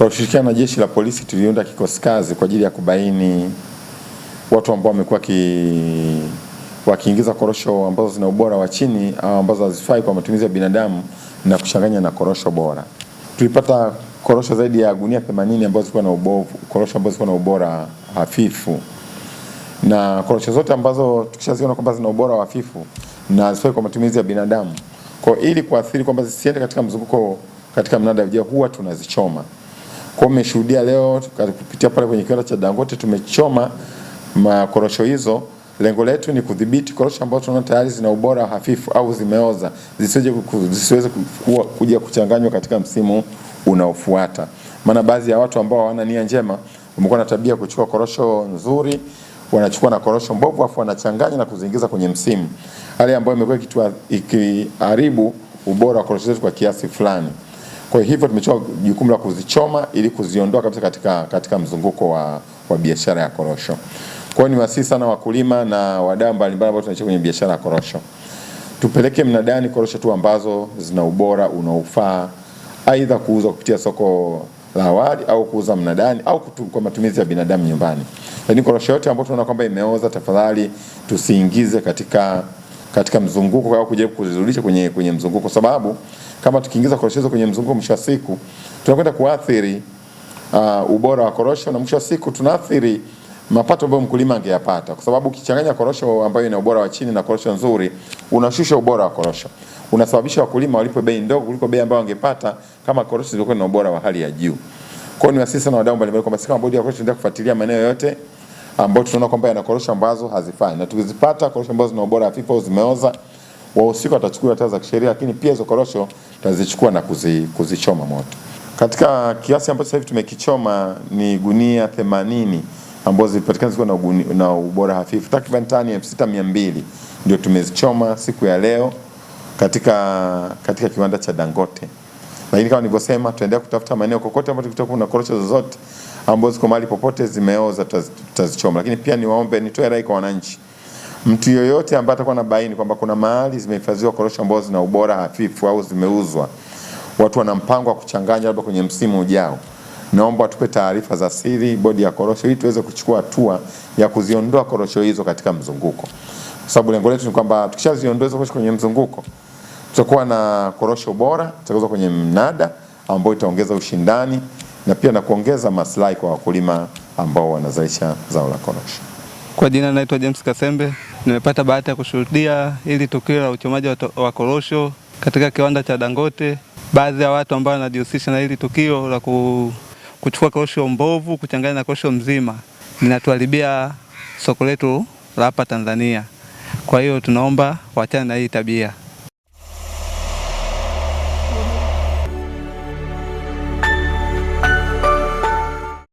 Kwa kushirikiana na jeshi la polisi tuliunda kikosi kazi kwa ajili ya kubaini watu ambao wamekuwa ki wakiingiza korosho ambazo zina ubora wa chini au ambazo hazifai kwa matumizi ya binadamu na kuchanganya na korosho bora. Tulipata korosho zaidi ya gunia 80 ambazo zilikuwa na ubovu, korosho ambazo zilikuwa na ubora hafifu. Na korosho zote ambazo tukishaziona kwamba zina ubora hafifu na hazifai kwa matumizi ya binadamu. Kwa ili kuathiri kwamba zisiende katika mzunguko katika mnada ujao huwa tunazichoma. Kwa umeshuhudia leo kupitia pale kwenye kiwanda cha Dangote tumechoma makorosho hizo. Lengo letu ni kudhibiti korosho ambazo tunaona tayari zina ubora hafifu au zimeoza, zisiweze zisiweze kuja kuchanganywa katika msimu unaofuata, maana baadhi ya watu ambao hawana nia njema wamekuwa na tabia kuchukua korosho nzuri wanachukua na korosho mbovu afu wanachanganya na kuziingiza kwenye msimu, hali ambayo imekuwa ikiharibu ubora wa korosho zetu kwa kiasi fulani. Kwa hivyo tumechukua jukumu la kuzichoma ili kuziondoa kabisa katika, katika mzunguko wa, wa biashara ya korosho. Kwa hiyo wasihi sana wakulima na wadau mbalimbali ambao tunaishi kwenye biashara ya korosho, tupeleke mnadani korosho tu ambazo zina ubora unaofaa, aidha kuuza kupitia soko la awali au kuuza mnadani au kutu, kwa matumizi ya binadamu nyumbani. Lakini korosho yote ambayo tunaona kwamba imeoza, tafadhali tusiingize katika, katika mzunguko au kujaribu kuzirudisha kwenye, kwenye mzunguko sababu kama tukiingiza korosho kwenye mzunguko, mwisho wa siku tunakwenda kuathiri uh, ubora wa korosho na mwisho wa siku tunaathiri mapato ambayo mkulima angeyapata, kwa sababu ukichanganya korosho ambayo ina ubora wa chini na korosho nzuri, unashusha ubora wa korosho, unasababisha wakulima walipe bei ndogo kuliko bei ambayo wangepata kama korosho zilikuwa na ubora wa hali ya juu. Kwa hiyo ni wasisi sana wadau mbalimbali kwamba sisi kama bodi ya korosho tunaendelea kufuatilia maeneo yote ambayo tunaona kwamba yana korosho ambazo hazifai, na tukizipata korosho ambazo zina ubora hafifu au zimeoza wahusika watachukua hatua za kisheria, lakini pia hizo korosho tutazichukua na kuzi, kuzichoma moto. Katika kiasi ambacho sasa hivi tumekichoma ni gunia 80 ambazo zilipatikana zikiwa na, na ubora hafifu, takriban tani 6200 ndio tumezichoma siku ya leo katika, katika kiwanda cha Dangote. Lakini kama nilivyosema, tutaendelea kutafuta maeneo kokote ambapo tutakuwa na korosho zozote ambazo ziko mahali popote zimeoza, tutazichoma. Lakini pia niwaombe, nitoe rai kwa wananchi Mtu yoyote ambaye atakuwa na baini kwamba kuna mahali zimehifadhiwa korosho ambazo zina ubora hafifu au zimeuzwa, watu wana mpango wa kuchanganya labda kwenye msimu ujao, naomba watupe taarifa za siri bodi ya korosho, ili tuweze kuchukua hatua ya kuziondoa korosho hizo katika mzunguko, kwa sababu lengo letu ni kwamba tukishaziondoa hizo korosho kwenye mzunguko, tutakuwa na korosho bora zitauzwa kwenye mnada, ambayo itaongeza ushindani na pia na kuongeza maslahi kwa wakulima ambao wanazalisha zao la korosho. Kwa jina naitwa James Kasembe. Nimepata bahati ya kushuhudia hili tukio la uchomaji wa korosho katika kiwanda cha Dangote. Baadhi ya watu ambao wanajihusisha na hili tukio la kuchukua korosho mbovu kuchanganya na korosho mzima linatuharibia soko letu la hapa Tanzania. Kwa hiyo tunaomba wachane na hii tabia.